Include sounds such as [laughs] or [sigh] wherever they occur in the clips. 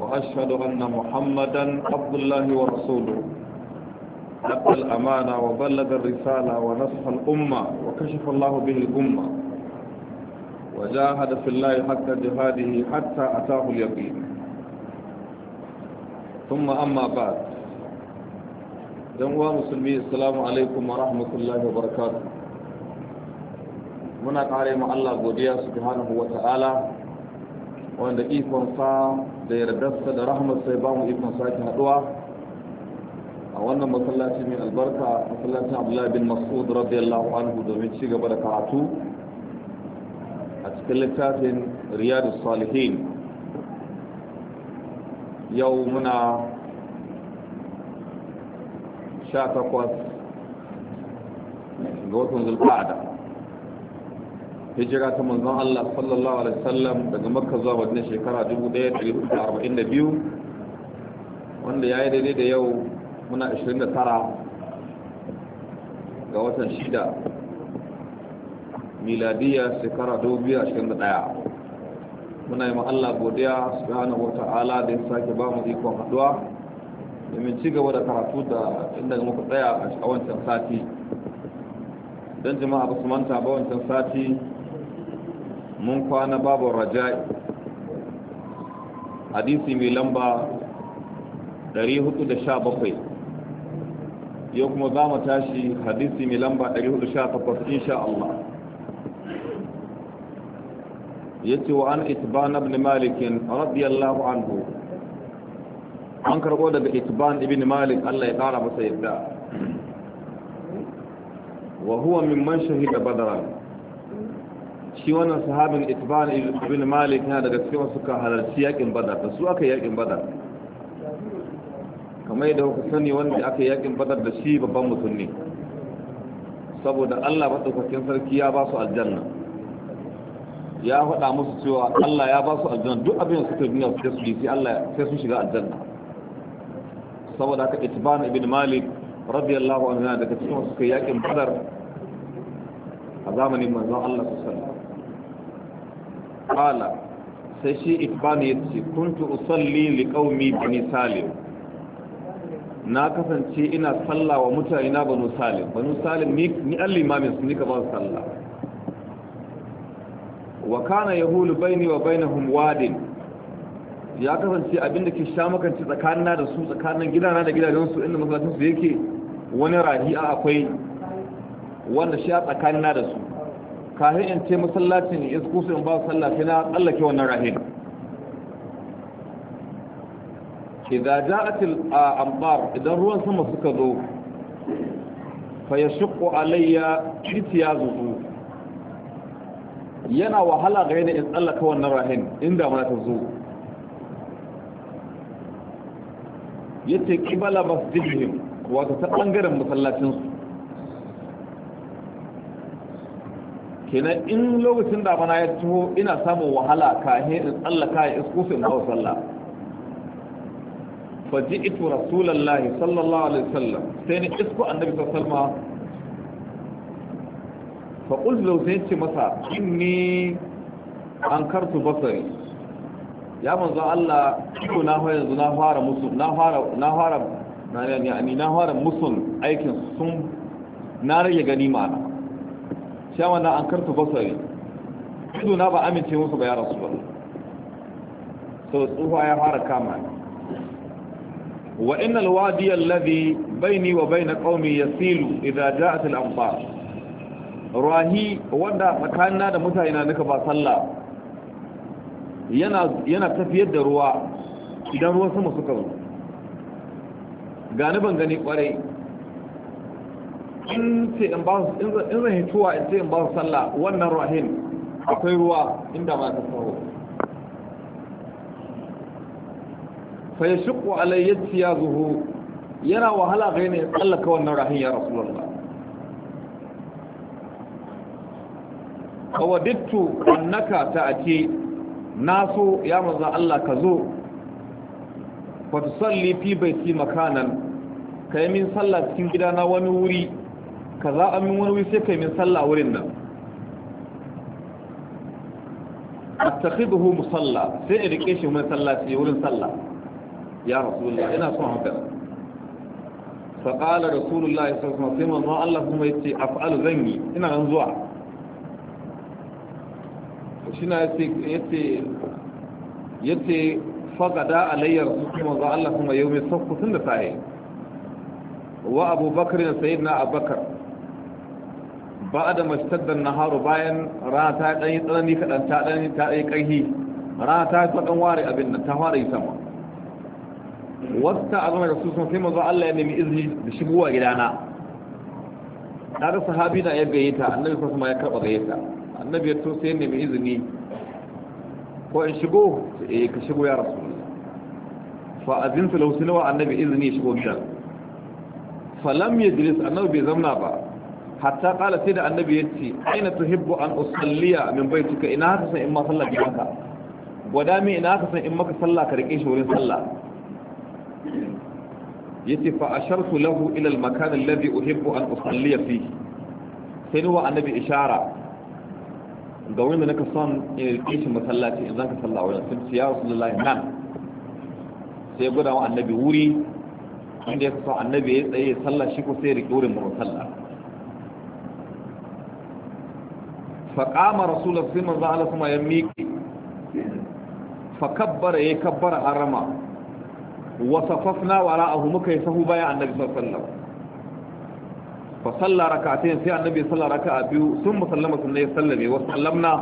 وأشهد أن محمدا عبد الله ورسوله أدى الأمانة وبلغ الرسالة ونصح الأمة وكشف الله به الأمة وجاهد في الله حتى جهاده حتى أتاه اليقين ثم أما بعد جمهور مسلمي السلام عليكم ورحمة الله وبركاته muna kare mu Allah godiya subhanahu wa ta'ala wanda ikon sa da yardarsa da rahmatsa ya ba mu ikon sake haduwa a wannan masallaci mai albarka masallacin abdullahi bin mas'ud radiyallahu anhu domin ci gaba da karatu a cikin littafin riyadus salihin yau muna sha takwas ga watan zulqa'ada hijira ta manzon Allah sallallahu alaihi wasallam daga makka zuwa madina shekara 1442 wanda ya yi daidai da yau muna 29 ga watan shida miladiya shekara 2021 muna yi Allah godiya subhanahu wata'ala da ya sake ba mu ikon haduwa domin ci gaba da karatu da inda muka tsaya a wancan sati don jama'a ba su manta ba wancan sati mun kwana babu raja'i hadisi mai lamba 417 yau kuma za mu tashi hadisi mai lamba 418 insha Allah yace wa an itban ibn malik radiyallahu anhu an karbo daga itban ibn malik Allah ya kara masa yadda wa huwa mimman shahida badran shi wannan sahabin itban ibn malik yana daga cikin suka halarci yakin badar da su aka yakin badar kamar yadda kuka sani wanda aka yakin badar da shi babban mutum ne saboda Allah madaukakin sarki ya ba su aljanna ya faɗa musu cewa Allah ya ba su aljanna duk abin da suka duniya su su yi Allah sai su shiga aljanna saboda haka itban ibn malik radiyallahu anhu yana daga cikin suka yakin badar a zamanin manzon Allah sallallahu alaihi wasallam qala sai shi ibban yace kuntu usalli liqaumi bani salim na kasance ina sallah wa mutane na banu salim banu salim ni ni allimamin su nika ba su sallah wa kana yahulu baini wa bainahum wadin ya kasance abinda ke sha makanci tsakanina da su tsakanin gidana da gidajensu inda masallacin su yake wani rahi'a akwai wanda shi a tsakanina da su kafin in ce masallacin ya kusa in ba sallah sai na tsallake wannan rahin idan ja'atil ambar idan ruwan sama suka zo fa ya yashqu alayya kitiya zuzu yana wahala ga yana in tsallaka wannan rahin inda ma ta zo yace qibala masjidihim wato ta bangaren masallacinsu. kenan in lokacin damana ya taho ina samun wahala ka kahin in tsallaka ya isku su in hau sallah faji ito rasulallahi sallallahu alaihi sallam sai ni isko annabi sallama faƙul da sai ce masa inni an kartu basari ya manzo Allah iko na fara yanzu na fara musu na fara na fara na ne na fara musun aikin sun na rage gani ma'ana sai wannan an karta basari ido na ba amince musu ba ya rasu ba sau tsufa ya fara kama wa innal wadi alladhi baini wa baina qaumi yasilu idza ja'at al-amtar rahi wanda tsakanina da mutane na nika ba sallah yana yana tafiyar da ruwa idan ruwan sama suka zo gani ban gani kwarai in ce in ba su in zan in ce in ba su sallah wannan rahin akwai ruwa inda ba ta sauro fa ya shiku alayyaci ya zuhu yana wahala ga yanayin tsallaka wannan rahin ya rasulallah kawadittu annaka ta ake naso ya maza Allah ka zo fa tusalli fi baiti makanan kai min sallah cikin gida na wani wuri kaza za a min wani wuri sai kai min sallah wurin nan attakhiduhu musalla sai in rike shi min sallah sai wurin sallah ya rasulullah ina son haka fa qala rasulullah sallallahu alaihi wasallam Allah kuma yace af'alu zanni ina nan zuwa shina yace yace yace faqada alayya rasulullah wa Allah kuma yawmi sakku tun da sai wa Abu Bakr sayyidina Abu ba da mastaddan naharu bayan rana ta ɗanyi tsanani kaɗan ta ɗanyi ta ɗanyi ƙarfi rana ta faɗan ware abin nan ta ware sama wata azama da su sun sai mazu Allah ya nemi izini da shigowa gidana na da sahabi na ya ta, annabi kuma ma ya karɓa gayyata annabi ya to sai ya nemi izini ko in shigo eh ka shigo ya rasu fa azin su lau sinawa annabi izini ya shigo gidan falam ya jilis annabi bai zamna ba hatta kala sai da annabi ya ce aina tuhibbu an usalliya min baituka ina haka san in ma sallah ka haka gwada me ina haka san in maka sallah ka rike shi wurin sallah yace fa ashartu lahu ila al-makan alladhi uhibbu an usalliya fi? sai ni wa annabi ishara ga wanda naka son in rike shi masallaci in zaka sallah wurin sai ya rasulullahi nan sai gwada wa annabi wuri inda ya sa annabi ya tsaye sallah shi ko sai ya rike wurin mu sallah faƙama rasulun sai manzo Allah kuma ya miƙe fakabbara ya yi kabbara harama wa safafna wara'ahu muka yi sahu baya annabi sallallahu alaihi wasallam fa salla rak'atayn sai annabi salla raka'a biyu sun musallama sunna ya sallame wa sallamna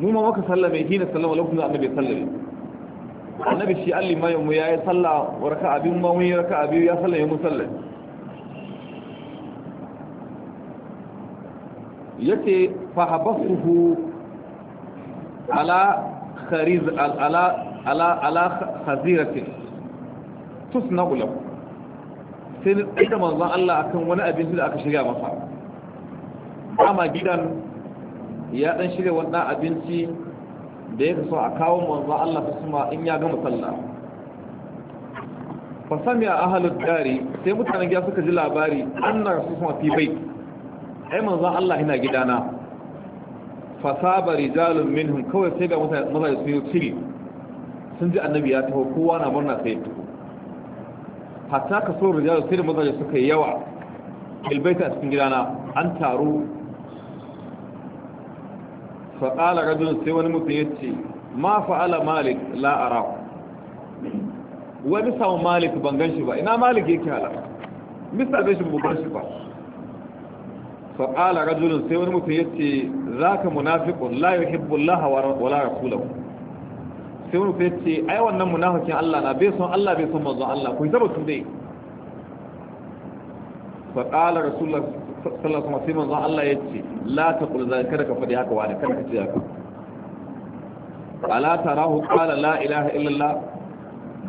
mu ma muka sallame hina sallama lokacin da annabi sallame annabi shi alli mai mu yayi salla wa raka'a biyu ma mun yi raka'a biyu ya sallame mu sallame yace fa habasuhu ala khariz ala ala ala khazirati tusna ulam sai ne tsaye da manzon Allah akan wani abinci da aka shirya masa amma gidan ya dan shirya wani abinci da ya kaso a kawo manzon Allah su suma in ya gama sallah fa sami ahlud dari sai mutanen gida suka ji labari annar su suma fi bai ai manzon Allah ina gidana fasaba rijalun minhum kawai sai ga maza sun yi ciri sun ji annabi ya taho kowa na murna sai ya taho hatta ka so rijalun sai da mazaje suka yi yawa ilbaita cikin gidana an taru faƙala rajulun sai wani mutum ya ce ma fa'ala malik la'ara wani samun malik ban gan shi ba ina malik yake hala mista gan shi ban gan shi ba faƙala rajulun sai wani mutum ya ce za ka munafiƙun la yi laha wala rasulahu sai wani wannan munafikin Allah na bai son Allah bai son manzon Allah ku manzon Allah ya la ta kulza kada ka haka wani kada ka ce haka ala tarahu qala la ilaha illallah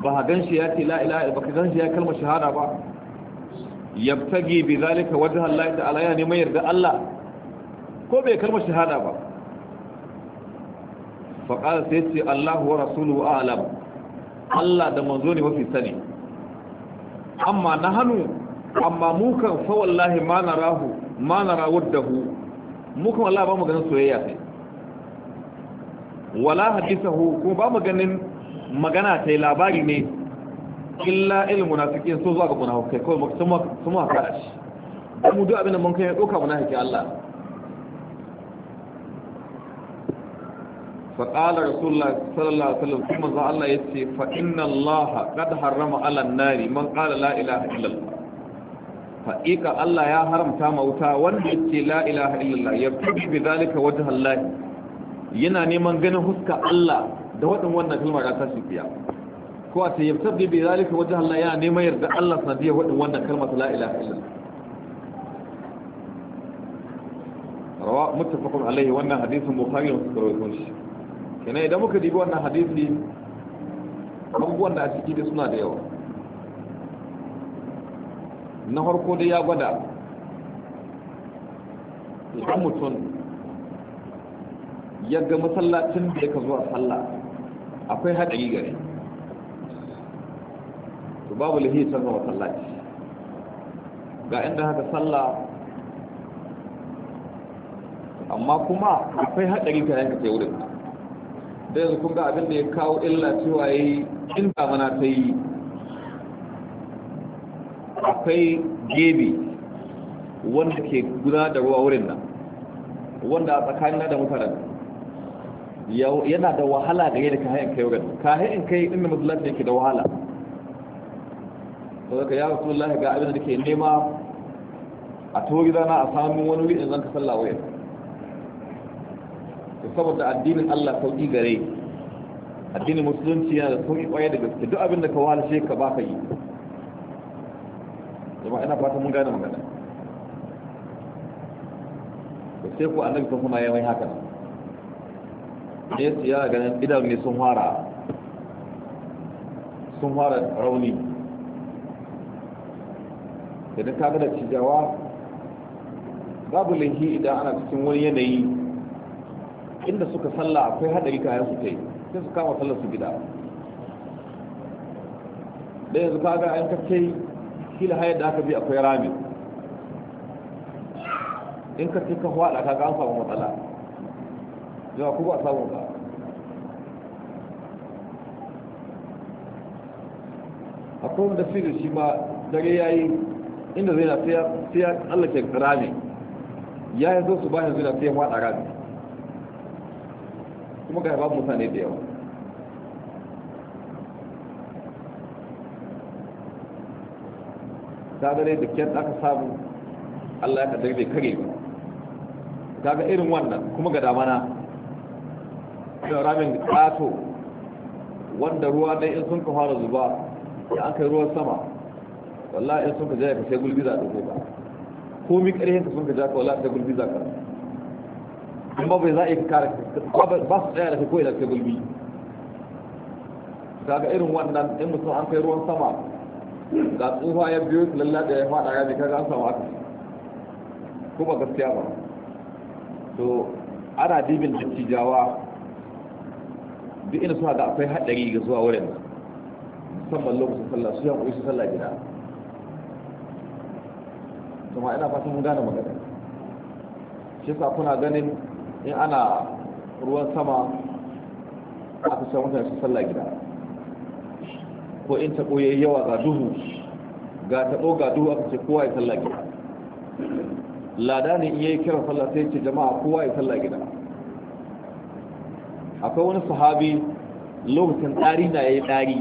ba gan shi ya la ilaha ba ka gan ya kalmar shahada ba yabtagi bi zalika wajha Allah ta'ala ya neman da Allah ko bai karba shahada ba fa qala sai ce Allah wa rasuluhu a'lam Allah da manzo ne mafi sani amma nahanu amma mu kan fa wallahi ma narahu ma nara waddahu mu kan Allah ba mu ganin soyayya sai wala hadithahu kuma ba mu ganin magana tai labari ne illa ilmu munafiqin so zuwa ga munafikai kawai maksuma kuma kada shi dan mu duk abin da mun kai ya doka munafiki Allah fa rasulullah sallallahu alaihi wasallam kuma za Allah yace fa inna Allah qad harrama ala an-nari man qala la ilaha illallah haqiqa Allah ya haramta ma wuta wanda ya ce la ilaha illallah yabtabi bi zalika wajha Allah yana neman ganin huska Allah da wadannan wannan kalmar ta shi biya ko ta yabtaghi bi zalika wajen Allah yana neman yarda Allah sanadiyar wadin wannan kalmar la ilaha illallah rawa muttafaqun alaihi wannan hadisin bukhari da muslim shi kenan idan muka dibi wannan hadisi abubuwan da a ciki da suna da yawa na harko dai ya gwada idan mutum yadda masallacin da ya ka zuwa sallah akwai haɗari gare to babu lahi canza masallaci ga inda haka sallah amma kuma akwai haɗari ka yanka ce wurin da yanzu kun ga abin da ya kawo illa cewa ya yi in damana ta yi akwai gebe wanda ke guda da ruwa wurin nan wanda a tsakanin da mutanen yana da wahala da yadda ka hayan kai wurin ka hayan kai inda matsalatin ke da wahala sau ya rasu lahi ga abin da ke nema a tori zana a samun wani wuri in zan ka sallah wayar to saboda addinin Allah sauƙi gare addinin musulunci yana da sauƙi kwaye da gaske duk abin da ka wahalshe ka ba ka yi jama'a ina fata mun gane magana to sai ku annabi sun kuma yayin haka ne ya ganin idan ne sun fara sun fara rauni idan ka gada cijawa babu linki idan ana cikin wani yanayi inda suka salla akwai haɗari kayan su kai sai su kama sallar su gida da yanzu ka ga an kace kila hayar da aka bi akwai rami in ka ce ka hwada ka ga an samu matsala yawa ku ba samu ba akwai wanda fi da shi ma dare ya yi inda zai na sai ya tsallake rami ya yi zo su ba yanzu na sai ya rami kuma ga babu mutane da yawa ta gare da kyan aka samu allah ya kadar bai kare ba ta ga irin wannan kuma ga damana da ramin ƙato wanda ruwa ɗaya in sun ka fara zuba ya an kai ruwan sama wallahi in sun ka jaya ka sai gulbiza a ɗauke ka ko mi ƙarfin ka sun ka jaya ka wallahi sai gulbiza ka amma bai za a yi ka kare ba su tsaya da ka koyi da sai gulbi kaga irin wannan in mutum an kai ruwan sama ga tsufa ya biyo su lallata ya faɗa ya ne kaga an samu haka, ko ba gaskiya ba to ana dibin dattijawa duk ina suna da akwai haɗari ga zuwa wurin musamman lokacin sallah su yan ƙoyi su sallah gida kuma ina fatan mun gane magana shi sa kuna ganin in ana ruwan sama aka ce mutane su sallah gida ko in ta ya yawa ga duhu ga taɓo ga duhu aka ce kowa ya sallah gida lada ne in yi kiran sallah sai ce jama'a kowa ya sallah gida akwai wani sahabi lokacin tsari na yayi yi tsari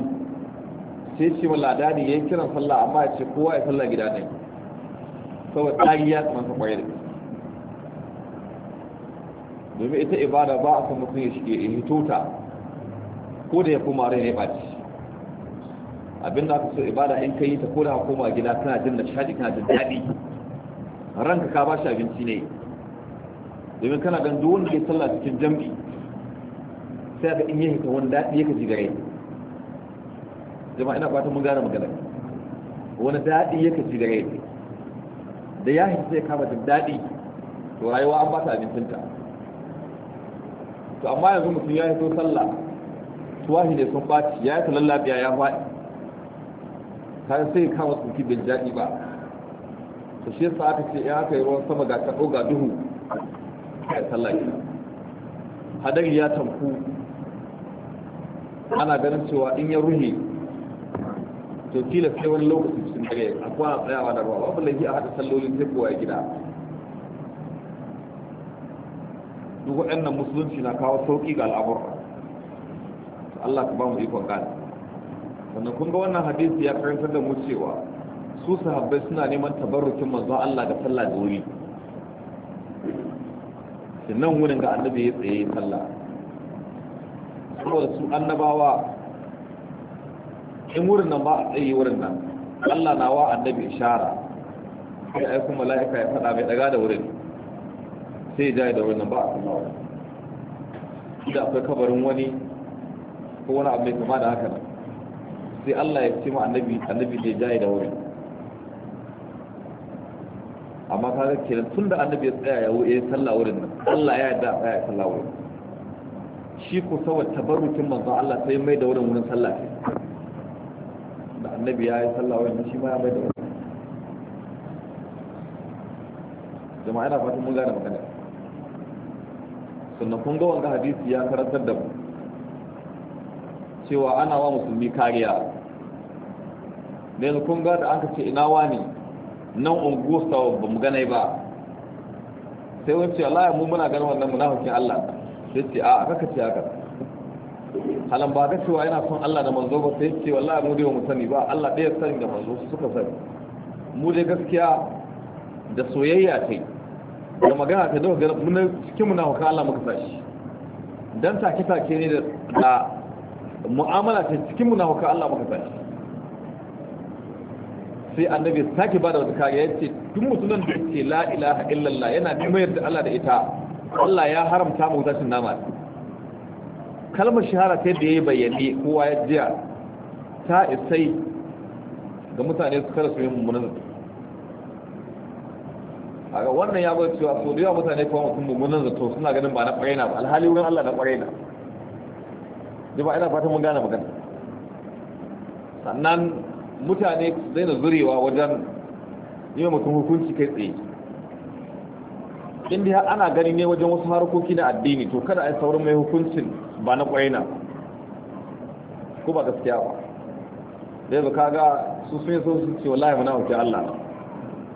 sai ce ma lada ne ya yi kiran sallah amma ya ce kowa ya sallah gida ne kawai tsari ya tsananta kwaye da domin ita ibada ba a san mutum ya shige in yi ta ko da ya koma rai ne ɓaci abinda aka so ibada in ka yi ta ko da koma gida kana jin da shaɗi kana jin daɗi ranka ka ba shi abinci ne domin kana gan duk wanda ya sallah cikin jam'i sai ka in yi hita wani daɗi ya kaji ji gare jama'a ina fatan mun gane magana wani daɗi ya kaji ji gare da ya hita ya kama jin daɗi to rayuwa an ba ta abincinta to amma yanzu mutum ya hito sallah tuwahi ne sun ɓaci ya yi biya ya faɗi ta sai kama tsoki bin jaɗi ba to shi yasa aka ce ya aka yi ruwan sama ga taɓo ga duhu a sallah gida hadari ya tamku ana ganin cewa in ya ruhe to kila sai wani lokaci cikin dare a kwana tsayawa da ruwa babu laifi a haɗa salloli sai kowa ya gida duk waɗannan musulunci na kawo sauƙi ga al'amur Allah ka ba mu ikon gani sannan kun ga wannan hadisi ya karantar da mu cewa su sahabbai suna neman tabarrukin manzon Allah da sallah da wuri sannan wurin ga annabi ya tsaye sallah saboda su annabawa in wurin nan ba a tsaye wurin nan Allah na wa annabi ishara sai aiko la'ika ya fada mai daga da wurin sai ya jaye da wurin nan ba a kuma wurin da akwai kabarin wani ko wani abu mai kama da haka nan sai Allah ya ce ma annabi annabi da ya jaye da wurin amma ka ga kenan tun da annabi ya tsaya ya yi sallah wurin nan Allah ya yarda a tsaya ya sallah wurin shi ko saboda tabarukin manzon Allah sai mai da wurin wurin sallah annabi ya yi sallah yanzu shi ma ya bai da wani jama'a yana fatan mun gane magana sannan kun ga wanga hadisi ya karantar da mu cewa ana wa musulmi kariya yanzu kun ga da an ce ina wani nan unguwa ba mu gane ba sai wani ce Allah ya mu muna ganin wannan munafikin Allah sai ce a aka ce haka halan ba ga cewa yana son Allah da manzo ba sai ce wallahi mu dai mu sani ba Allah ɗaya sani da manzo su suka sani mu dai gaskiya da soyayya kai da magana ta daga ga mun cikin mu na haka Allah muka sashi dan take take ne da mu'amala ta cikin mu na haka Allah muka sashi sai annabi sake bada wata kariya ce duk mutumin da yake la ilaha illallah yana mayar da Allah da ita Allah ya haramta mu tashin nama kalmar shahara ta da ya bayyane kowa ya jiya ta isai ga mutane su kada su yi mummunan zato a wannan ya bai cewa so da yawa mutane kuma mutum mummunan zato suna ganin ba na ƙwarai ba alhali wurin allah na ƙwarena da ba ina fata mun gane magana sannan mutane zai na zurewa wajen yi mutum hukunci kai tsaye dai ana gani ne wajen wasu harkoki na addini to kada a yi saurin mai hukuncin ba na kwaina ba ko ba gaskiya ba da ka ga su sun yi so su ce wallahi muna wuce Allah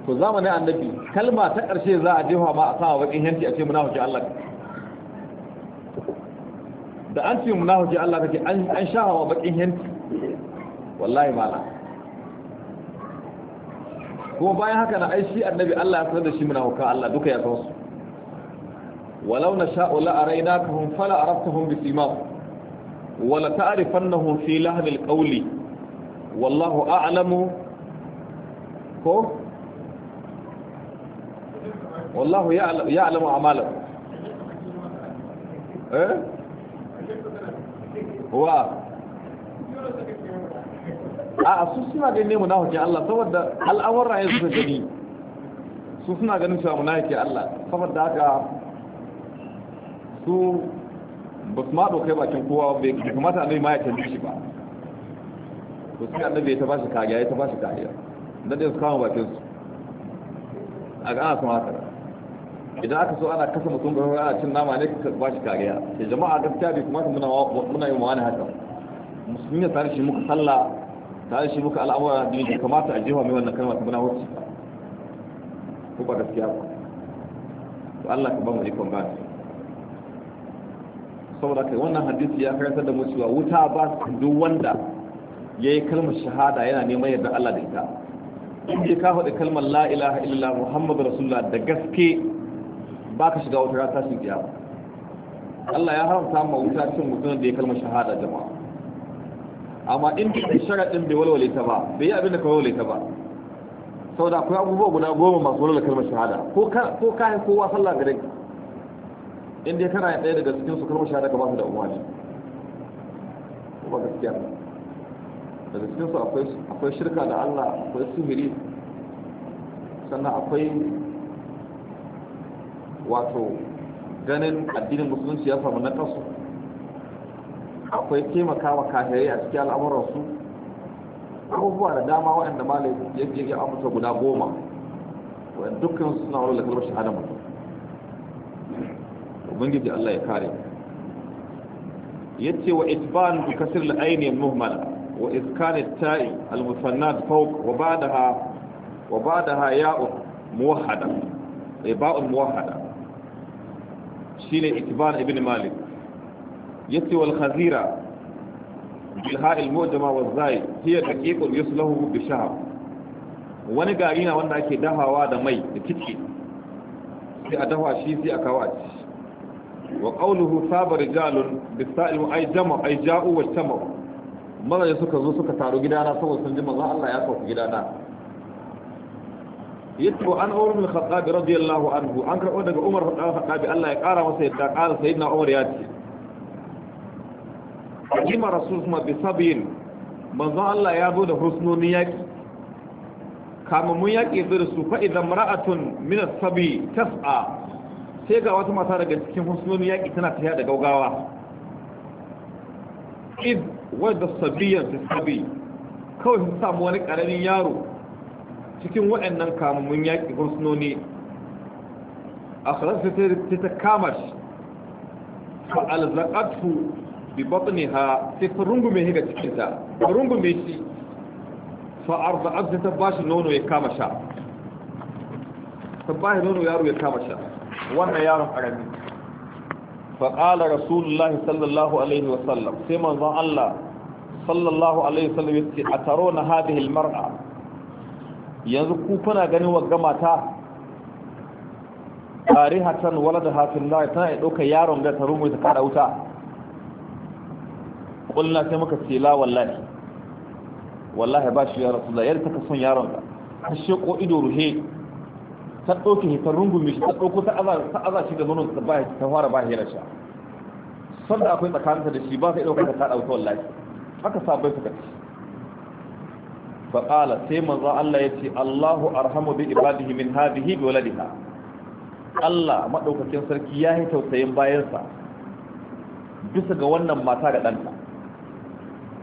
to zamanin annabi kalma ta ƙarshe za a jefa ma a sama bakin hanci a ce muna wuce Allah da an ce muna wuce Allah kake an sha wa bakin hanci wallahi mala kuma bayan haka na aishi annabi Allah ya sanar da shi muna wuka Allah duka ya san su ولو نشاء لأريناكهم فلا عرفتهم بسيماهم ولتعرفنهم في لهن القول والله أعلم هو والله يعلم, يعلم أعمالكم إيه؟ هو a su suna ganin ne munafikin Allah saboda al'amuran yanzu da gani su suna ganin cewa munafiki Allah saboda haka su ba su maɗo kai bakin kowa bai kamata annabi ma ya tambaye shi ba to sai annabi ya ta bashi kariya ya ta bashi kariya dan dai su kama bakin su a ga ana son haka idan aka so ana kasa mutum ga ana cin nama ne ka bashi kariya sai jama'a gaskiya bai kuma muna muna yin wani haka musulmi ne tare shi muka sallah tare shi muka al'amura da kamata a jefa mai wannan kalma ta muna wuce ko ba gaskiya ba to Allah ka ba mu ikon gani saboda kai wannan hadisi ya karantar da mu cewa wuta ba duk wanda yayi kalmar shahada yana neman yarda Allah da ita in ji ka faɗi kalmar la ilaha illallah muhammadu rasulullah da gaske baka shiga wata rata shi kiyama Allah ya haramta ma wuta cin mutum da ya kalmar shahada jama'a amma in da sharadin bai walwale ta ba bai yi abin da ka walwale ta ba saboda akwai abubuwa guda goma masu walwale kalmar shahada ko ka ko kowa sallah gare ka in dai kana ɗaya daga cikin su kalmar shahada ka ba su da umarni ko ba gaskiya daga cikin su akwai shirka da Allah akwai sihiri sannan akwai wato ganin addinin musulunci ya samu na kasu akwai taimakawa kahirai a cikin al'amuransu abubuwa da dama waɗanda malai ya ya amsa guda goma wadda dukkan suna wani lakalmar shahada mutum ubangiji Allah ya kare yace wa isban bi kasr al-ayn al-muhmala wa iskan at-ta'i al-musannad fawq wa ba'daha wa ba'daha ya'u muwahhada iba'u muwahhada shine itban ibn malik yace wal khazira bil ha'il mu'jama wa zai hiya daqiqun yuslahu bi shahab wani gari na wanda ake dahawa da mai da titi, sai a dahwa shi sai a kawo a ci وقوله ساب رجال بالسائل أي جمع أي جاءوا واجتمعوا ماذا يسوك سوك تارو جدانا سوى سنجم الله الله يأكوك جدانا يتبع أن عمر بن الخطاب رضي الله عنه أنكر أدق عمر بن الخطاب الله يقارى وسيدنا قال سيدنا عمر ياتي قدم رسول الله بسبيل من Allah الله يابود حسنونيك husnonin yaƙi kama mun yaƙi zai da su sai ga wata mata daga cikin husnoni yaƙi tana tafiya da gaugawa iz wadda sabiyan ta sabi kawai su samu wani ƙaramin yaro cikin waɗannan kamun yaƙi husnoni a sarrafa ta ta kama shi fa alzaƙatu bi batni ha sai ta rungume shi ga cikinta ta rungume shi fa arza'at ta ba shi nono ya kama sha ta ba shi nono yaro ya kama sha wannan yaron karami fa qala sallallahu alaihi wa sallam sai manzon Allah sallallahu alaihi wa sallam taro na hadhihi almar'a yanzu ku kuna ganin wagga mata tarihatan walada hafin la tana dauka yaron da ta rumu ta kada wuta kullu sai muka ce la wallahi wallahi ba shi ya rasulullah yar ta kason yaron ka kashe ko ido ruhe ta ɗauke ta rungume shi ta ɗauko ta aza shi da nonon ta baya ta fara ba hira sha sanda akwai tsakanta da shi ba sai ɗauka ta ɗauka wallahi haka sabai suka ci faƙala sai manzo Allah ya ce Allahu arhamu bi ibadihi min hadhihi bi waladiha Allah madaukakin sarki ya yi tausayin bayansa bisa ga wannan mata da ɗanta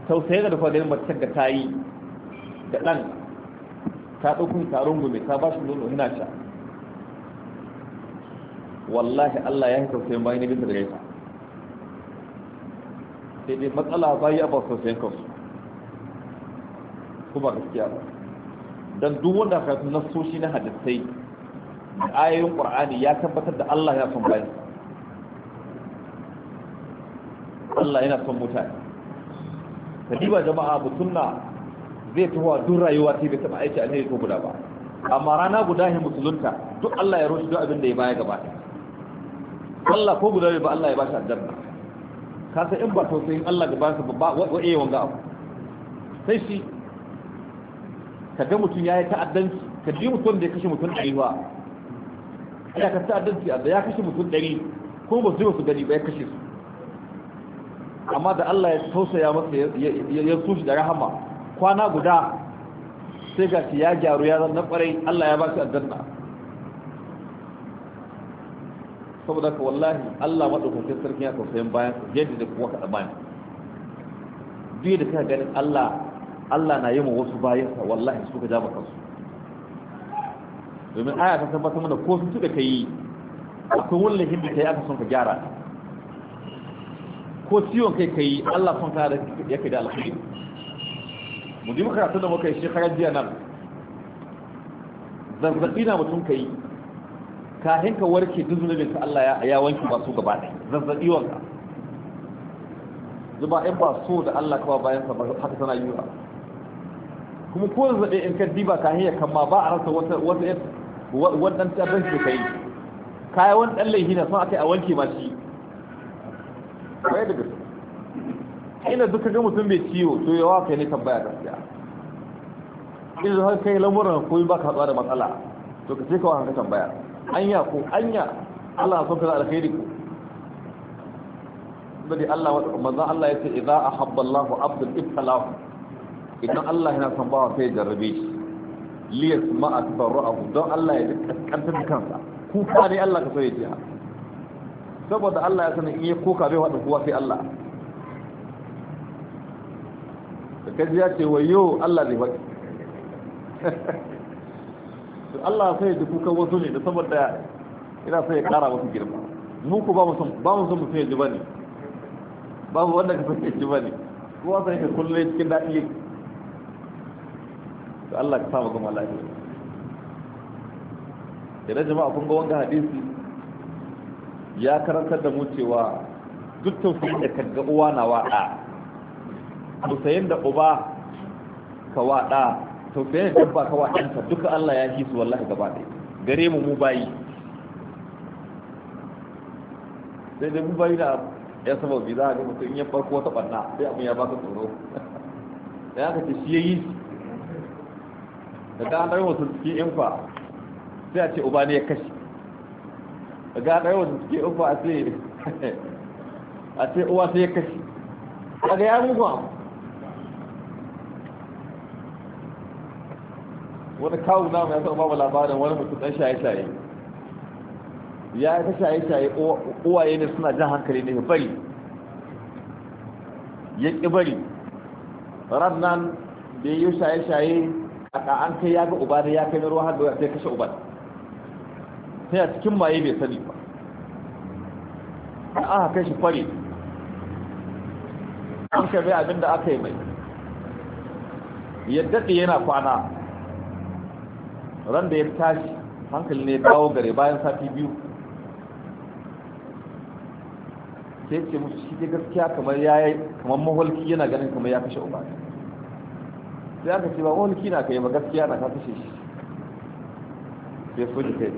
tausayi da fadin mace ga ta yi da ɗan ta ɗaukun taron gume ta ba shi nuna hina sha wallahi Allah ya tausayin bayan ne bisa da gaisa sai dai matsala bayi a ba tausayin kansu kuma gaskiya ba dan duk wanda ka na soshi na hadisai da ayoyin Qur'ani ya tabbatar da Allah ya son bayan Allah yana son mutane kadiba jama'a mutunna zai tawa duk rayuwa sai bai taba aiki a alheri ko guda ba amma rana guda hin musulunta duk Allah ya roshi duk abin da ya baya gaba Allah ko guda ba Allah ya ba shi aljanna ka san in ba tausayin Allah ga ba shi ba wa eh wanga abu sai shi ka ga mutun yayi ta'addanci ka ji mutum da ya kashe mutum ɗari ba ya ka ta'addanci da ya kashe mutum ɗari ko ba su su gani ba ya kashe su amma da Allah ya tausaya masa ya tushi da rahama kwana guda sai ga shi ya gyaru ya zan na kwarai Allah ya ba shi aljanna saboda ka wallahi Allah madaukakin sarki ya sayan bayan yadda da kuwa kada bayan biyu da ka ganin Allah Allah na yi ma wasu sa wallahi su ka jama kansu domin aya ta tabbatar mana ko su suka kai akwai wani hindi kai aka son ka gyara ko ciwon kai kai Allah son ka da ya kai da alkhairi mu ji muka karatu da muka yi shekarar jiya nan Zanzabi na mutum kai kafin ka warke duk zunubin ka Allah ya wanke ba su gaba ɗaya zazzabi wanka zuba in ba so da Allah kawai bayan sa ba haka tana yiwa kuma ko zabe in ka diba ka hiya kan ma ba a rasa wata wata wannan tarin shi kai kai wani dan laihi na san a kai a wanke ma shi kai da gaske ina duka ga mutum bai ciwo to yawa kai ne tambaya gaskiya idan har kai lamuran ko ba ka tsara da matsala to ka ce kawai haka tambaya anya ko anya Allah so ka alkhairi ku bari Allah manzo Allah yace idza ahabba Allah abdan ibtalahu idan Allah yana son bawa sai jarrabe shi li yasma'a tabarra'ahu don Allah ya kaskantar kansa kuka ne Allah ka so ya ji saboda Allah ya san in yi kuka bai wada kowa sai Allah da kaji ya ce wayo Allah zai wada [laughs] to Allah sai da kuka wasu ne da saboda ina sai ya kara wasu girma mu ku ba mu san ba mu son mu sai ji ba babu wanda ka sai ji bane kowa sai ka kulle cikin dadi to Allah ka saba ga lafiya idan jama'a kun ga wanga hadisi ya karantar da mu cewa duk tausayin da kaga uwa na wada musayin da uba ka wada tausayin dabba ka wa ɗanka duka Allah ya kisu su wallahi gaba ɗaya gare mu mu bayi sai dai mu bayi da ya sababi za a ga mutum in ya farko wata ɓanna sai abin ya baka tsoro da ya kace shi ya yi da ga ɗaya wasu cikin infa sai a ce uba ne ya kashe da ga ɗaya wasu cikin infa a [laughs] a ce uwa sai ya kashe a ga ya mugu wani kawo namu ya taɓa babu labarin wani mutum ɗan shaye-shaye ya ta shaye-shaye uwaye ne suna jan hankali ne bari ya ƙi bari nan da ya yi shaye-shaye a an kai ya ga uba da ya kai na ruwa har da ya kashe uba sai a cikin maye bai sani ba an aka kai shi fari an kai abinda aka yi mai ya daɗe yana kwana ran da ya tashi hankali ne dawo gare bayan sati biyu sai ce musu shi ke gaskiya kamar ya yi kamar maholki yana ganin kamar ya kashe umar sai aka ce ba maholki na kai ba gaskiya na ka kashe shi sai so kai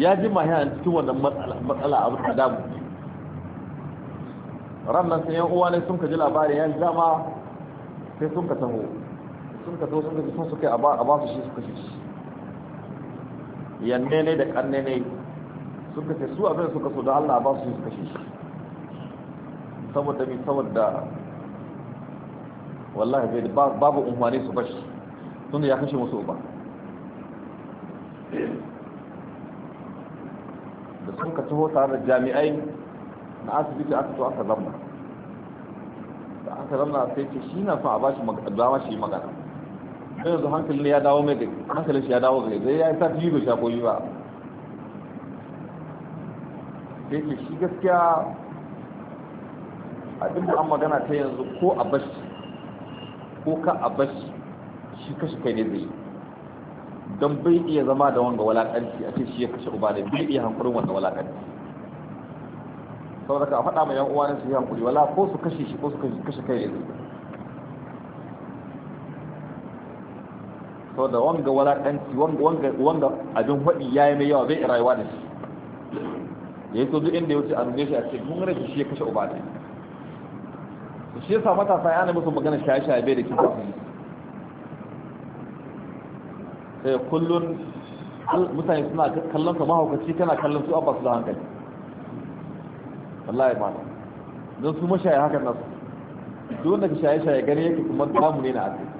ya ji ma yana cikin wannan matsala abu da damu ran nan sai yan uwa ne sun ka ji labarin yan zama sai sun ka taho sun ka zo sun gaji sun suka a ba su shi suka shi yanne ne da ƙanne ne suka ce su abin suka so da Allah ba su shi suka shi saboda mi saboda wallahi bai babu umarni su bashi tun da ya kashe musu uba da sun ka taho tare da jami'ai na asibiti aka to aka zamba da aka zamba sai ce shi na son a bashi dama shi magana sai yanzu hankali ya dawo mai gari hankali shi ya dawo gari zai ya yi sati fiye da sha koyi ba da yake shi gaskiya a da an magana ta yanzu ko a bashi ko ka a bashi shi kashe kai ne zai yi don bai iya zama da wanga walakanci a cikin shi ya kashe uba ne bai iya hankulin wanga walakanci saboda ka faɗa ma yan uwa ne su yi hankuli wala ko su kashe shi ko su kashe kai ne zai to da wanga walakanci wanga wanga abin ya yi mai yawa bai rayuwa da shi Ya yi tozu inda ya wuce a nune shi a ce mun rai shi ya kashe uba ne shi ya sa matasa ya musu magana shaye-shaye bai da kisa sai kullun mutane suna kallon su mahaukaci kana kallon su abba su da hankali wallahi ma don su mashaye hakan nasu duk wanda ka shaye-shaye gani yake kuma damu ne na asiri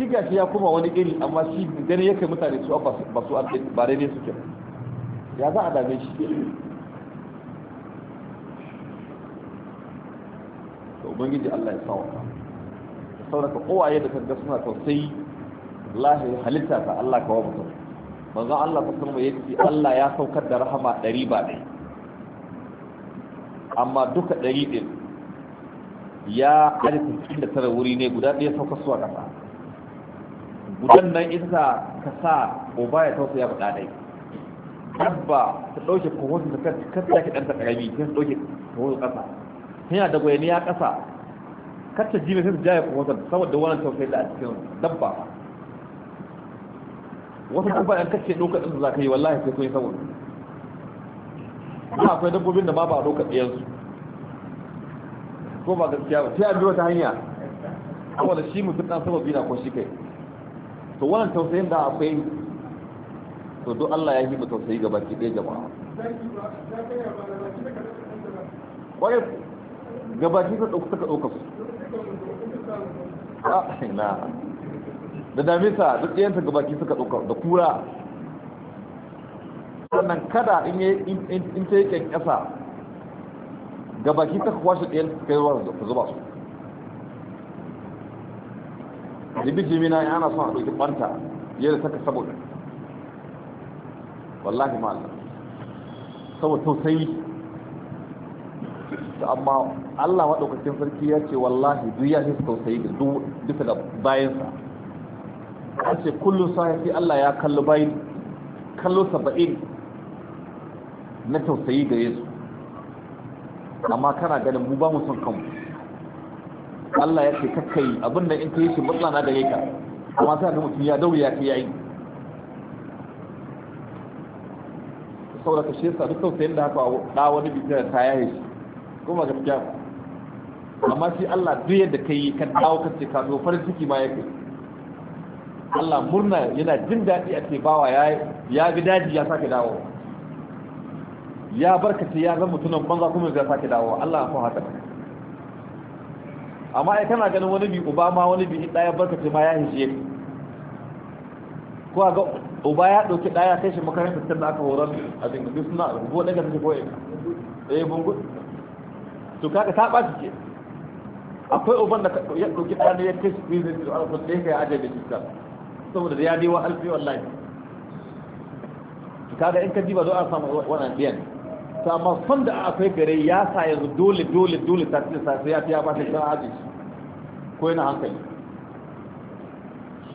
shi ga ya kuma wani iri amma shi gani yake mutane su ba su ba daidai suke ya za a dame shi da ubangiji Allah ya sawa ka sauraka kowaye da kanga suna tausayi lahi halitta ta Allah kawo mutum manzo Allah ta sallama yace Allah ya saukar da rahama ɗari ba ɗaya amma duka ɗari ɗin ya arzikin da tara wuri ne guda ɗaya saukar suwa ƙasa gudan nan isa ka sa oba ya tausaya ba dai dabba ta ɗauke kohon ta kasa ya ki ɗanta ƙarami ta ɗauke kohon kasa. tana da kasa. gwayaniya ta ji jini sai su jaya kohon saboda wannan tausayi da a cikin dabba wasu kuma an kace doka din da za ka yi wallahi sai kun yi saboda ba akwai dabbobin da ma ba a ɗayan su ko ba gaskiya ba sai an biyo ta hanya saboda shi mutum ɗan sababi na ko shi kai to wannan tausayin da akwai to duk Allah ya yi mu tausayi ga baki ɗaya jama'a kwaye ga baki ta ɗauka ka ɗauka su ah, da damisa duk ɗayanta ga baki suka ɗauka da kura sannan kada in ta yi ƙyanƙyasa ga baki ta kwashe ɗayan kai ruwa zuba su da jimina ya ana son a ɗauki ɓanta yadda saka saboda wallahi ma'ala saboda tausayi amma Allah maɗaukacin sarki ya ce wallahi duk ya fi tausayi da duka da bayansa an ce kullum sahifi Allah ya kallo bayi kallo saba'in na tausayi da yesu amma kana ganin mu ba mu son kanmu Allah ya ce kakkai abin da in ka yi shi matsala na gare ka amma sai ga mutum ya dauri ya kai yayi saboda ka shesa duk tausayin da haka da wani bisa da ta yaye shi kuma gaskiya amma shi Allah duk yadda ka yi ka dawo ka ce ka zo farin ciki ma ya kai Allah murna yana jin daɗi a ce bawa ya ya bi daji ya sake dawo ya barkace ya zama mutumin banza kuma ya sake dawo Allah ya fa haka amma ai kana ganin wani bi uba ma wani bi daya barka ce ma ya hije ka ko ga uba ya dauki daya kai shi makarantar da aka horar abin da suna ko daga take ko eh bungu to kaga ta ba ce akwai uban da ya dauki daya ya kai shi bizin da aka da kai aje da shi saboda da ya wa alfi wallahi kaga in ka diba zo a samu wannan biyan ta amma son da akwai gare ya sa yanzu dole dole dole ta ce sa sai ya fiya ba ta kan aji ko yana hankali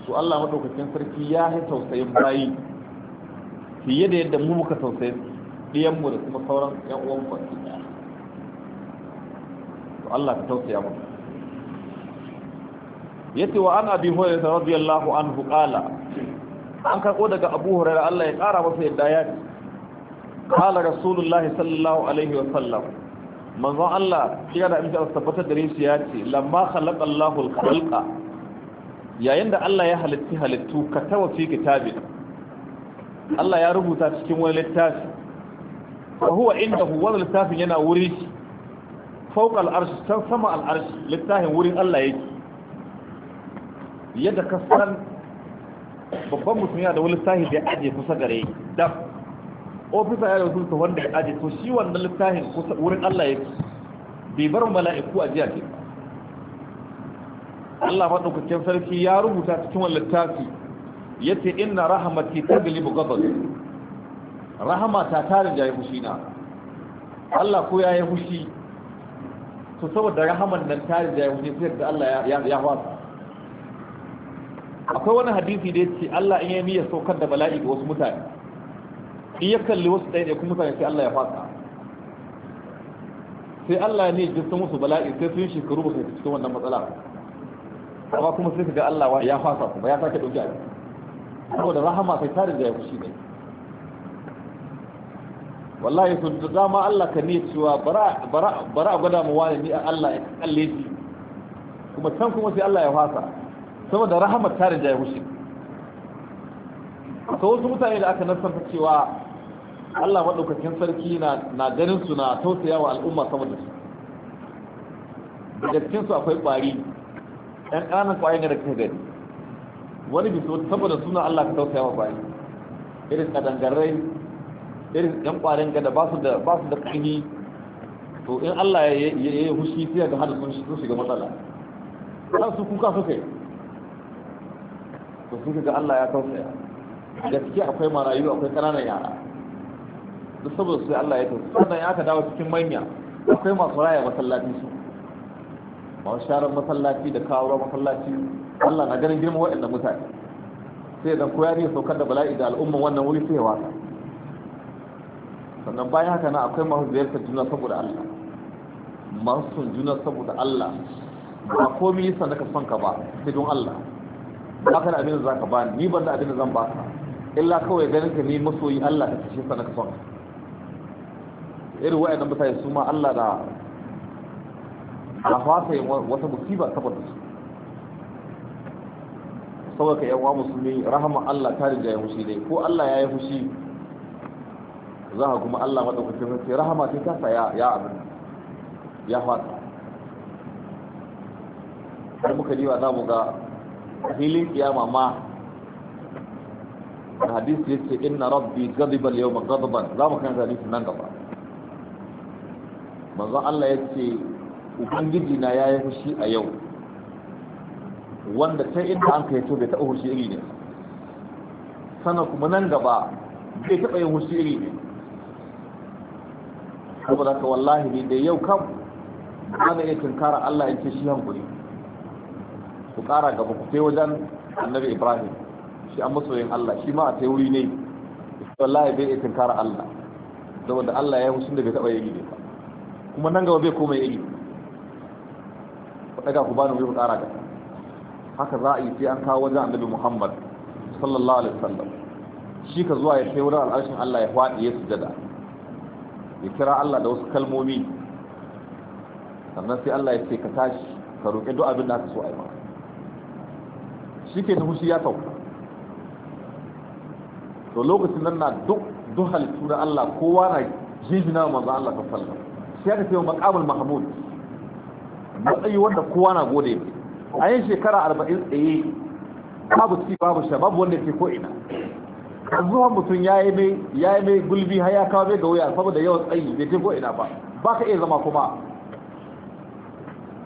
to Allah madaukakin sarki ya yi tausayin bayi fiye da yadda mu muka tausayin ɗiyanmu mu da kuma sauran ƴan uwan mu to Allah ka tausaya mu ce wa an abi ta radiyallahu an hukala an karɓo daga abu da Allah ya ƙara masa yadda ya ce kala rasulullahi sallallahu alaihi wasallam manzon Allah kira da amince tabbatar da shi ya ce lamma khalaqa Allahu al-khalqa yayin da Allah ya halitti halittu ka tawafi kitabin Allah ya rubuta cikin wani littafi fa huwa indahu wa littafin yana wuri fawqa al-arsh sama al-arsh littafin wurin Allah yake yadda ka san babban mutum yana da wani littafi da ya aje kusa gare dab ofisa ya rubuta wanda ya aje to shi wannan littafin wurin Allah yake bai bar mala'iku a jiya ke Allah madaukakin sarki ya rubuta cikin wannan littafi yace inna rahmati taglibu ghadab rahama ta tare jayi fushi na Allah ko yayi fushi to saboda rahaman nan tarin jayi fushi sai da Allah ya ya fara akwai wani hadisi da yace Allah in ya miya saukar da bala'i ga wasu mutane in ya kalli wasu ɗaya kuma mutane sai Allah ya fasa sai Allah ne jinsa musu bala'i sai sun shekaru ba su cikin wannan matsala amma kuma sai ga Allah ya fasa ba ya sake ɗauki a saboda rahama sai tare da ya fushi ne wallahi sun da dama Allah ka ne cewa bara a gwada mu wani ni a Allah ya kalle shi kuma can kuma sai Allah ya fasa saboda rahama tare da ya fushi ka wasu mutane da aka nasanta cewa Allah maɗaukakin sarki na ganin su na tausaya wa al'umma sama da su daga cikinsu akwai ƙwari ɗan ƙananan ƙwayen ne da kan gani wani wata saboda suna Allah ka tausaya wa ƙwari irin ƙadangarai irin ɗan ƙwarin gada ba su da ba su da ƙarfi to in Allah ya yi hushi sai ga hada sun shiga matsala har su kuka suka yi to sun ga Allah ya tausaya gaskiya akwai marayu akwai ƙananan yara da saboda sai Allah ya tafi sannan ya aka dawo cikin manya akwai masu raya masallaci su masu sharar masallaci da kawo masallaci Allah na ganin girma waɗanda mutane sai da koya ne saukar da bala'i da al'umman wannan wuri sai wasa sannan bayan haka na akwai masu ziyartar juna saboda Allah masu juna saboda Allah ba komi yasa naka son ka ba sai don Allah ba ka da abin da zaka ba ni ban da abin da zan ba ka illa kawai ganin ka ne masoyi Allah ka kashe sa naka son ka irin wa'annan mutane su ma Allah da a fata yin wata musiba saboda su saboda ka yawa musulmi rahama Allah ta rija ya fushi dai ko Allah ya yi fushi za ka kuma Allah maɗaukacin sarki rahama ta kasa ya abin ya fata har muka diwa za mu ga filin kiyama ma hadisi ce inna rabbi ghadiba al-yawma ghadaban za mu kan hadisi nan gaba manzo Allah ya ce ubangiji na ya yi fushi a yau wanda ta inda an kai to bai taɓa fushi iri ne Sana kuma nan gaba bai taɓa yin fushi iri ne saboda ka wallahi ne da yau kam ana iya tunkara Allah yake ce shi hankuri ku ƙara gaba ku kai wajen annabi Ibrahim shi an musu yin Allah shi ma a sai wuri ne wallahi bai iya tunkara Allah saboda Allah ya yi hushin da bai taɓa yi ne ba kuma nan gaba bai komai iri daga ku bani wuri tsara ga haka za a yi sai an kawo wajen annabi muhammad sallallahu alaihi wasallam shi ka zuwa ya kai wurin al'arshin allah ya faɗi ya sujada ya kira allah da wasu kalmomi sannan sai allah ya ce ka tashi ka roƙi duk abin da aka so a yi maka shi ke ta hushi ya sauka to lokacin nan na duk duk tura allah kowa na jijina manzo allah ta sallallahu sai aka ce maqamul mahmud matsayi wanda kowa na gode a yin shekara arba'in tsaye babu ci babu sha babu wanda ke ko ina zuwan mutum ya yi mai ya yi mai gulbi har ya kawo mai ga wuya saboda yawan tsayi bai ce ko ina ba ba ka iya zama kuma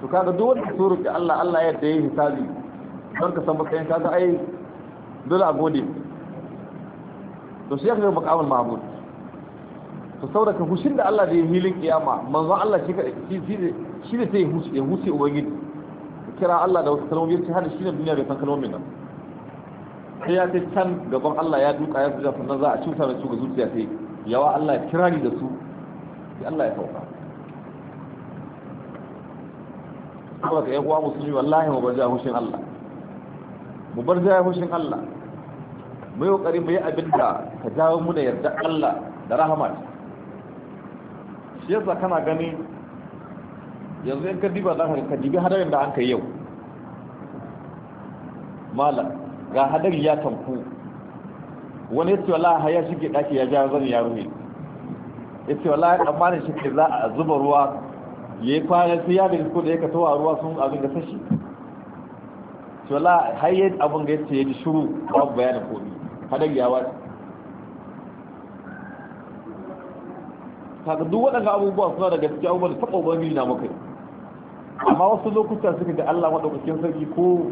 to kaga duk wanda so roƙi Allah Allah ya yi hisabi don ka san matsayin kaga ai dole a gode to shi ya kaga makamul mahmud to saboda hushin da Allah da ya hilin kiyama manzon Allah shi shi ne sai ya huce ubangiji kira Allah da wasu kalmomi yace hada shi ne duniya bai san kalmomin nan sai ya ce can gaban Allah ya duka ya suja sannan za a cuta da su zuciya sai yawa Allah ya kira ni da su sai Allah ya sauka Allah ka yawa musulmi wallahi mu barja hushin Allah mu barja hushin Allah mu yi kokari mu yi abinda ka jawo mu da yarda Allah da rahmat shi yasa kana gani yanzu in ka diba za ka dibi hadarin da an kai yau malam ga hadari ya tanku wani yace wallahi haya shige daki ya ja zan ya ruhe yace wallahi amma ne shi za a zuba ruwa ya yi kwana sai ya bin ko da yake tawa ruwa sun abin da sashi to wallahi hayya abin da yace ya ji shiru babu bayanin komai hadari ya wata kaga duk waɗanda abubuwa suna daga cikin abubuwan da taɓa ubangiji na muka amma wasu lokuta suka ga Allah maɗaukakin sarki ko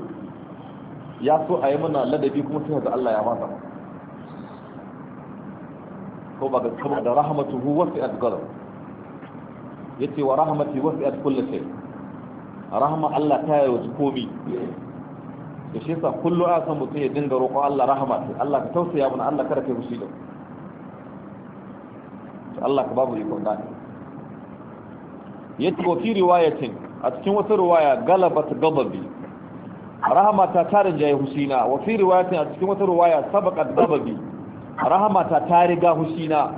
ya so a yi mana ladabi kuma sai ga Allah ya sa. ko ba ga kama da hu wasu Ya ce wa rahmati wasi'at kulli shay rahma Allah ta yi wasu komi da shi sa kullu a san mutum ya dinga roƙo Allah rahmat Allah ka tausaya mana Allah kada ka yi Allah ka babu ikon gane yace ko fi riwayatin a cikin wata riwaya galabat gababi rahama ta tarin jaye husina wa fi riwayatin a cikin wata riwaya sabaqat gababi rahama ta ga husina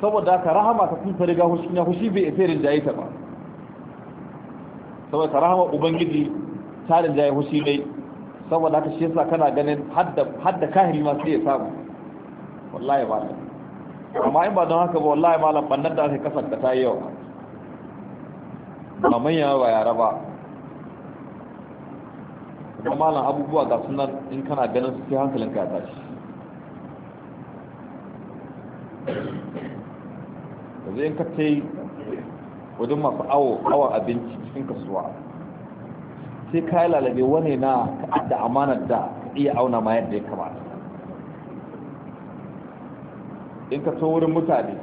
saboda ka rahama ta tun ga husina hushi bai ifirin jaye ta ba saboda rahama ubangiji tarin jaye husina saboda ka shi yasa kana ganin hadda hadda kahiri ma sai ya samu wallahi ba amma in ba don haka ba wallahi malam bannan da aka kasar da ta yi yau ba manya ba yara ba kuma malam abubuwa ga sunan in kana ganin su hankalin ka ya tashi da zai ka ce wajen masu awo awa abinci cikin kasuwa sai ka yi lalabe wane na ka adda amanar da ka iya auna ma yadda ya kamata in ka so wurin mutane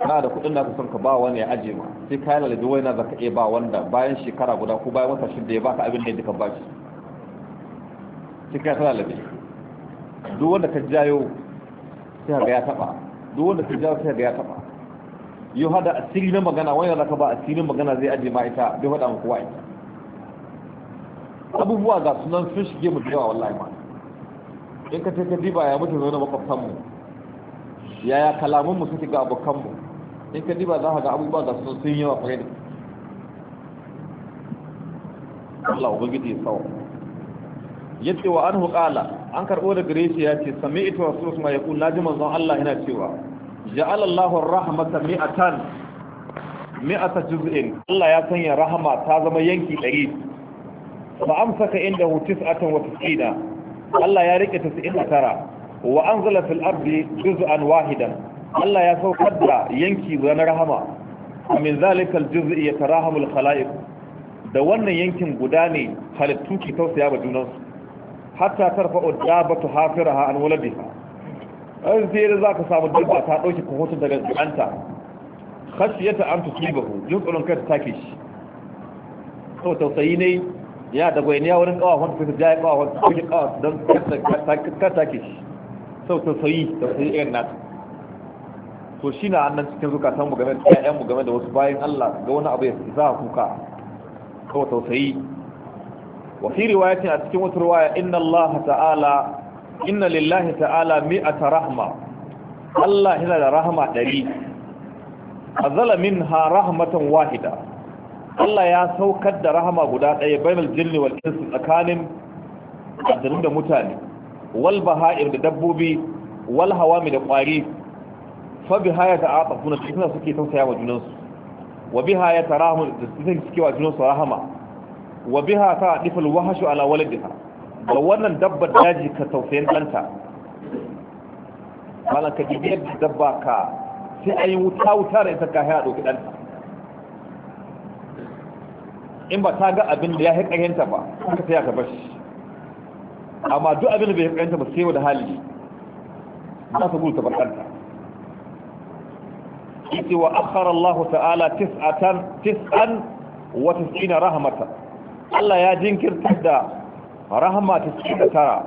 kana da kudin da ka son ka ba wani ya aje ma sai ka lalabi wani za ka iya ba wanda bayan shekara guda ko bayan wata shida ya baka abin da ya duka ba shi sai ka ta lalabi duk wanda ka jayo sai ga ya taba duk wanda ka jayo sai ga ya taba yau hada asiri na magana wani da ka ba asiri magana zai aje ma ita bai hada ma kowa ita abubuwa ga sunan sun shige mu da yawa wallahi ma in ka ce ka diba ya mutu zaune na makwabtan mu yaya kalaman mu suke ga abokan mu in ka diba za ka ga abubuwa da sun sun yawa kwarai da Allah ubangiji ya tsawo yace wa anhu qala an karɓo da gare shi yace sami'tu rasulullah yaqul naji manzon Allah yana cewa ja'ala Allahu ar-rahmata mi'atan mi'ata juz'in Allah ya sanya rahama ta zama yanki 100 fa amsaka inda atan 99 Allah ya rike 99 wa anzala fil ardi juz'an wahidan Allah ya saukar da yanki na rahama A min zalika al juz'i yatarahamu al khalaiq da wannan yankin guda ne halittu ke tausaya ba junansu hatta tarfa'u dabatu hafiraha an waladiha an zai za ka samu dabba ta dauke kohotun daga ganta khashiyata an tusibahu jin tsoron kai ta take shi to tausayi ne ya da gwayniya wurin kawafon ta ta jaye kawafon ta take kawafon don ka take shi sau tausayi tausayi irin nasu to shi na annan cikin zukatan mu game da ƴaƴan mu game da wasu bayan Allah ga wani abu ya za kuka kawai tausayi wa fi riwayatin a cikin wata riwaya inna Allah ta'ala inna lillahi ta'ala mi'ata rahma Allah yana da rahma ɗari azala minha rahmatan wahida Allah ya saukar da rahama guda ɗaya bainal jinni wal insi tsakanin aljanu da mutane wal baha'ir da dabbobi wal hawami da kwari fa biha ya ta'atafuna suna suke tausaya wa junansu wa biha ya tarahu da suke wa junansu rahama wa biha ta difal wahashu ala waladiha da wannan dabbar daji ka tausayin danta malan ka bibiyar dabba ka sai ayi wuta wuta da ita ka haya doki danta in ba ta ga abin da ya haƙa yanta ba ka sai ka bashi amma duk abin da bai kanta ba sai wa da hali ba ta gulta barkanta yace wa akhara Allah ta'ala tis'atan tis'an wa tis'ina rahmatan Allah ya jinkirta da rahma tis'ina tara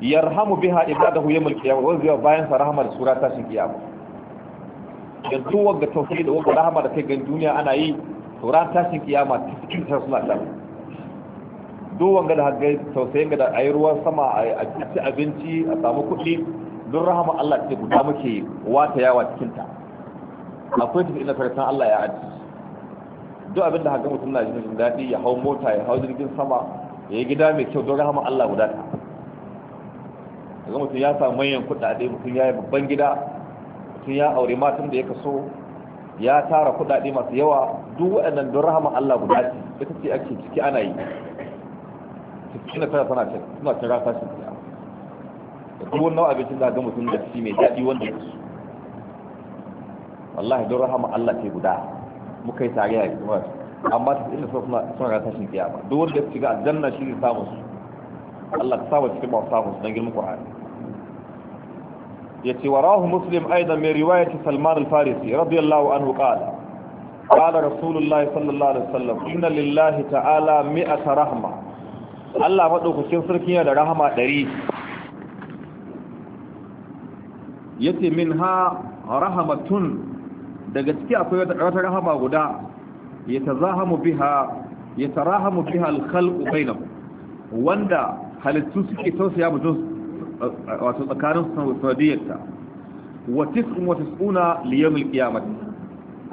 yarhamu biha ibadahu yawm al-qiyamah wa zai bayan sa rahma da sura ta shi kiyama yanzu wanda tauhid da wanda rahma da kai gan duniya ana yi sura ta shi kiyama tis'in suna da duk wanga da hagai tausayin da a yi ruwan sama a ci abinci a samu kuɗi don rahama Allah ce guda muke wata yawa cikin ta akwai tafi ina farkan Allah ya aji duk abin da haga mutum na jin daɗi ya hau mota ya hau jirgin sama ya yi gida mai kyau don rahama Allah guda ta mutum ya samu manyan kuɗaɗe mutum ya yi babban gida mutum ya aure matan da ya kaso ya tara kuɗaɗe masu yawa duk waɗannan don rahama Allah guda ce ita ce ake ciki ana yi cikin tara tana ce suna kira ta shi da duk wannan abincin da ga mutum da shi mai daɗi wanda ya ci wallahi don rahama Allah ce guda muka yi tare a yi kuma amma ta inda suna suna rata shi kiyama duk wanda ya shiga aljanna shi ne samun su Allah ta saba cikin masu samun su don girman Qur'ani yace warahu muslim aidan mai riwayat Salman al-Farisi radiyallahu anhu qala قال رسول الله صلى الله عليه وسلم إن لله تعالى مئة رحمة Allah maɗaukakin sarki yana da rahama ɗari ya ce min ha rahama tun? daga ciki akwai wata rahama guda ya ta zahamu biha ya ta rahamu biha alkhalku bainam wanda halittu suke tausaya mutum wato tsakanin sanadiyyarta wa tis'un wa tis'una liyamil qiyamah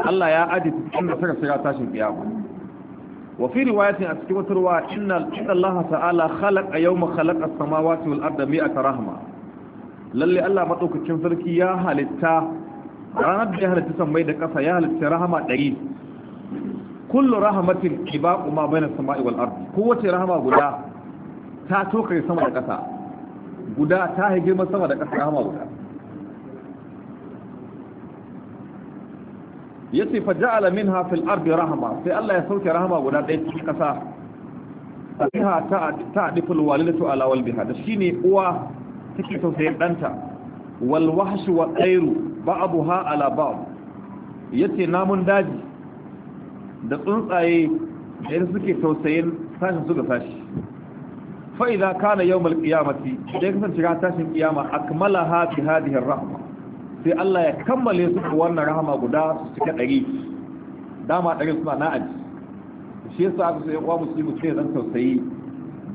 Allah ya ajiye cikin da suka shiga tashin qiyama wa fi a cikin wata ruwa inna Allah ta'ala khalaqa yawma khalaqa as-samawati wal arda mi'ata rahma lalle Allah madaukakin sarki ya halitta ranar da ya halitta sammai da ƙasa ya halitta rahama ɗari kullu rahmatin ibaqu ma bayna as-sama'i wal ardi rahama guda ta sama da ƙasa guda ta sama da ƙasa yace fa ja'ala minha fil ardi rahma sai Allah ya sauke rahama guda ɗaya cikin kasa fiha ta walidatu ala waldiha da shine uwa take tausayin danta wal wahshu wa tayru ba'daha ala ba'd yace namun daji da tsuntsaye da suke tausayin sashin su ga sashi fa idza kana yawm al qiyamati idan kasance shiga tashin kiyama akmalaha bi hadhihi ar rahma sai Allah ya kammale su wannan rahama guda su cike ɗari dama ɗari suna na aji shi yasa aka sai kwa musulmi sai zan tausayi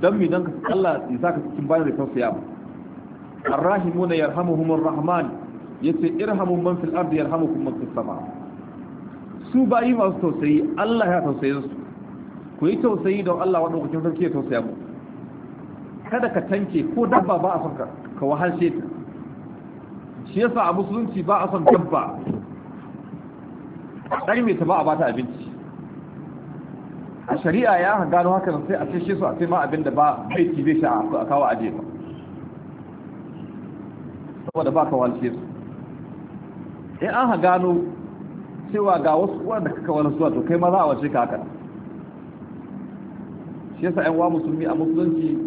don mi don Allah ya sa ka cikin bayan da tausaya ba arrahimuna yarhamuhumur rahman yace irhamu man fil ardi yarhamukum man fis sama su bayi masu tausayi Allah ya tausaye su ku yi tausayi don Allah wanda kuke sarki ya tausaya mu kada ka tanke ko dabba ba a fanka ka ka wahalshe ta shi yasa a musulunci ba a son dabba Ɗan mai ta ba a bata abinci a shari'a ya gano hakan sai a ceshe su a sai ma abin da ba bai ci zai sha a kawo aje ba saboda ba ka walce su in an gano cewa ga wasu da kaka wani suwa to kai ma za a wace ka haka shi yasa yan wa musulmi a musulunci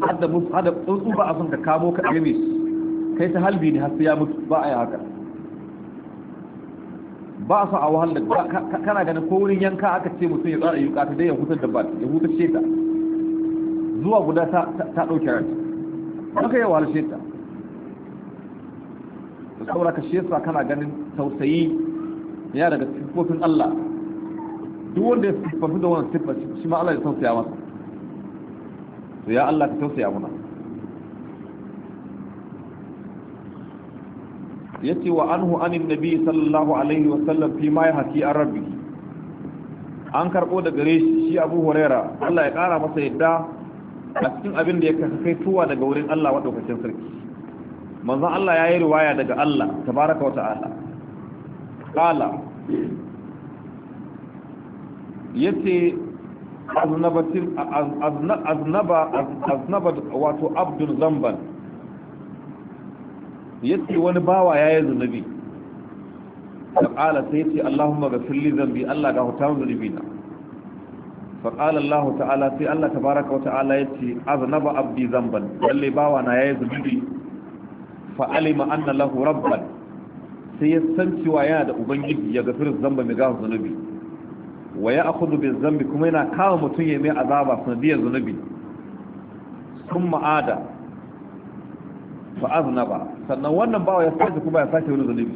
hada tsuntsu ba a son ka kamo ka su. kai ta halbi ne hasu ya mutu ba a yi haka ba a sa a wahalar kana ganin ko wurin yanka aka ce mutum ya tsara yuka ta dai ya hutar da ba ya hutar sheta zuwa guda ta ɗauke rai aka yi wahalar sheta da saura ka shi yasa kana ganin tausayi ya daga siffofin Allah duk wanda ya siffafi da wani siffa shi ma Allah ya tausaya masa to ya Allah ka tausaya muna yace wa anhu anin nabi sallallahu alaihi wa sallam fi ma yahki arabi an karbo daga gare shi Abu Huraira Allah ya kara masa yadda a cikin abin da ya kai tuwa daga wurin Allah madaukakin sarki manzan Allah ya yi riwaya daga Allah tabaraka wa ta'ala qala yace aznaba aznaba aznaba wato abdul zamban yace wani bawa ya yayi zunubi qala sai ce Allahumma ghfir li dhanbi Allah ga huta mun zunubi na fa qala Allah ta'ala sai Allah tabaaraka wa ta'ala yace aznaba abdi dhanban lalle bawa na yayi zunubi fa alima anna lahu rabban sai ya san cewa yana da ubangiji ya gafir zamba mai gafa zunubi wa ya akhudhu bil zambi kuma yana kama mutum ya mai azaba sanadiyar zunubi sun ma'ada fa aznaba sannan wannan bawa ya sake kuma ya sake wani zunubi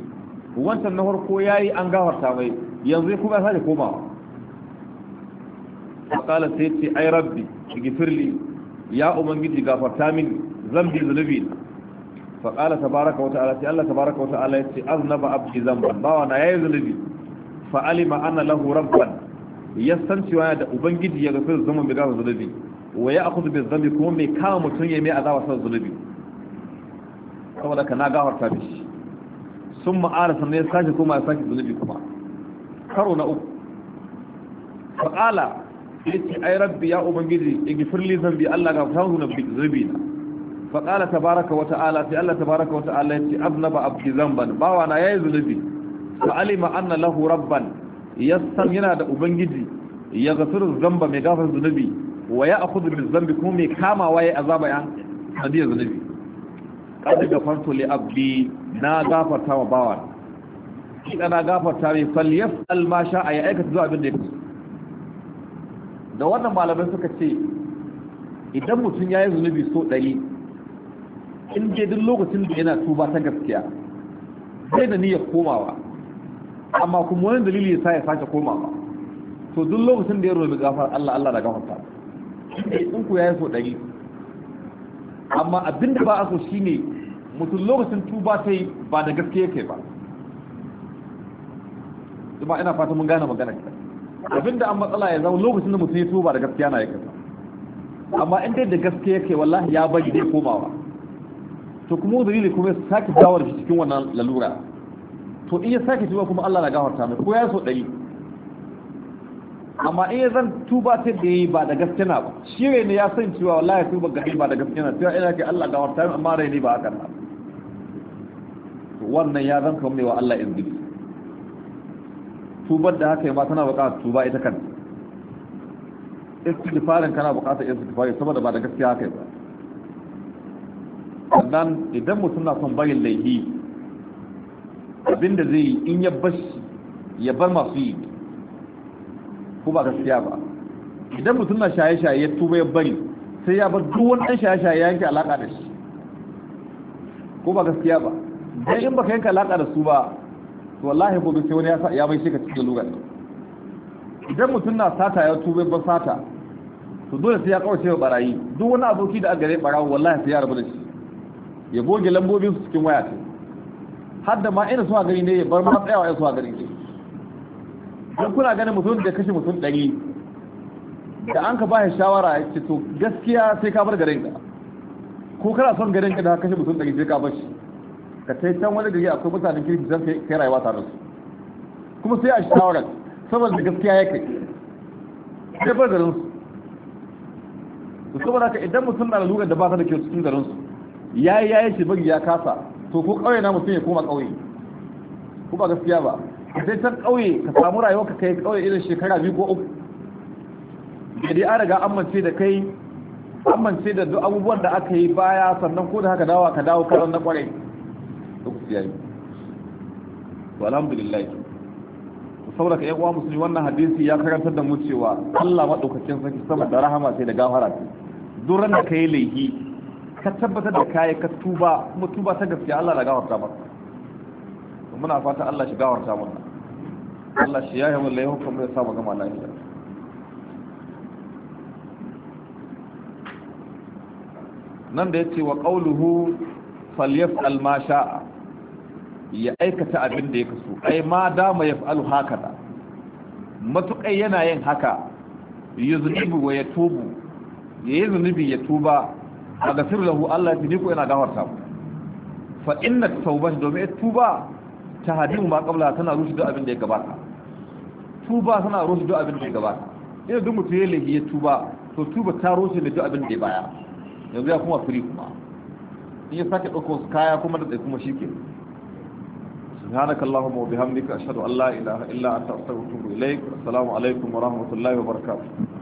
wancan na farko yayi an gafarta mai yanzu kuma ya sake komawa qala sai ce ai rabbi ighfirli ya ubangiji gafarta min zambi zunubi fa qala tabaaraka wa ta'ala sai Allah tabaaraka wa ta'ala ya ce aznaba abdi zamban bawa na yayi zunubi fa alima anna lahu rabban yassan cewa da ubangiji ya gafarta zaman bi gafarta zunubi wa ya akhudhu bi zambi kuma mai kama mutun ya mai azaba sa zunubi saboda ka na gafarta da shi sun ma'ana sannan ya sake kuma ya sake zunubi kuma karo na uku faƙala ya ce ai rabbi ya ubangiji ya gifirli zambi allah ga fahu na zunubi na ta baraka wa ta'ala sai allah ta baraka wa ta'ala ya ce aznaba abdi zamban bawa na yi zunubi fa alima anna lahu rabban ya san yana da ubangiji ya gafiru zamba mai gafar zunubi wa ya akhudhu bil zambi kuma mai kamawa yayi azaba ya hadiyar zunubi kada da fanto li abdi na gafarta wa bawa kida na gafarta mai falyas almasha a ya aikata zuwa abin da yake da wannan malamai suka ce idan mutum ya yi zunubi so ɗari in je duk lokacin da yana tuba ta gaskiya zai da niyyar komawa amma kuma wani dalili ya sa ya sake komawa to duk lokacin da ya romi gafar Allah Allah da gafarta in ku ya yi so ɗari amma abin da ba a so shine mutum lokacin tuba ta yi ba da gaske yake ba kuma ina fata mun gane magana abin abinda an matsala ya zama lokacin da mutum ya tuba da gaske na yake ba amma in dai da gaske yake wallahi ya bari dai komawa to kuma uzuri ne kuma ya sake dawar shi cikin wannan lalura to in ya sake tuba kuma Allah na gafarta mai ko ya so ɗari amma in ya zan tuba ta da yi ba da gaske na ba shi rai ne ya san cewa wallahi tuba ga ba da gaske na cewa ina ke Allah ga wata min amma rai ne ba hakan na wannan ya zan kamar wa Allah in zubi tubar da haka yi ma tana bukatar tuba ita kan istighfarin kana bukatar istighfari saboda ba da gaske haka ba sannan idan mutum na son bayin laifi abinda zai yi in ya bashi ya bar masu yi ko ba gaskiya ba idan mutum na shaye-shaye ya tuba ya bari sai ya bar duk wani shaye-shaye ya yanke alaka da shi ko ba gaskiya ba dan in baka yanke alaka da su ba to wallahi gobe sai wani ya mai shi ka cikin lugar idan mutum na sata ya tuba ba sata to dole sai ya kawace wa barayi duk wani aboki da aka gare barawo wallahi sai ya rabu da shi ya goge lambobin su cikin waya ta haddama ma ina so a gari ne ya bar ma tsayawa ya suwa a gari ne don kuna ganin mutum da kashe mutum ɗari da an ka ba shawara ya ce to gaskiya sai ka bar garin ka ko kana son garin ka da kashe mutum ɗari sai ka bar shi ka sai can wani gari akwai mutanen kirki zan kai rayuwa tare su kuma sai a shi shawarar saboda gaskiya ya kai sai bar garin su to saboda haka idan mutum na lura da ba ta da kyau cikin garin su yayi yayi shi bari ya kasa to ko kauye na mutum ya koma kauye ko ba gaskiya ba ka sai can ƙauye ka samu rayuwa ka kai ƙauye irin shekara biyu ko uku da dai an riga amince da kai amince da duk abubuwan da aka yi baya sannan ko da haka dawa ka dawo karon na ƙwarai. duk su yayi to alhamdulillah to saboda ka uwa musulmi wannan hadisi ya karantar da mu cewa Allah madaukakin sarki sama da rahama sai da gafara sai duk ran da kai laifi ka tabbatar da kai ka tuba kuma tuba ta gaskiya Allah da gafarta maka muna fata Allah shi gafarta mana Allah shi ya yi wani laihun kuma ya samu gama lafiya nan da ya ce wa ƙauluhu falyaf almasha ya aikata abin da ya kasu, ai ma dama ya al'u haka da matuƙai yana yin haka yi zunubi wa ya tubu ya yi zunubi ya tuba a gasir lahu Allah ya fi ni yana gafarta mu fa inna tauba domin ya tuba ta hadimu ma kabla tana rushe duk abin da ya gabata tuba tana rushe duk abin da ya gabata ina duk mutum ya lahi ya tuba to tuba ta rushe da duk abin da ya baya yanzu ya kuma firi kuma in ya sake dauko su kaya kuma da tsaye kuma shi ke سبحانك اللهم وبحمدك أشهد أن لا إله إلا أنت أستغفرك إليك السلام عليكم ورحمة الله وبركاته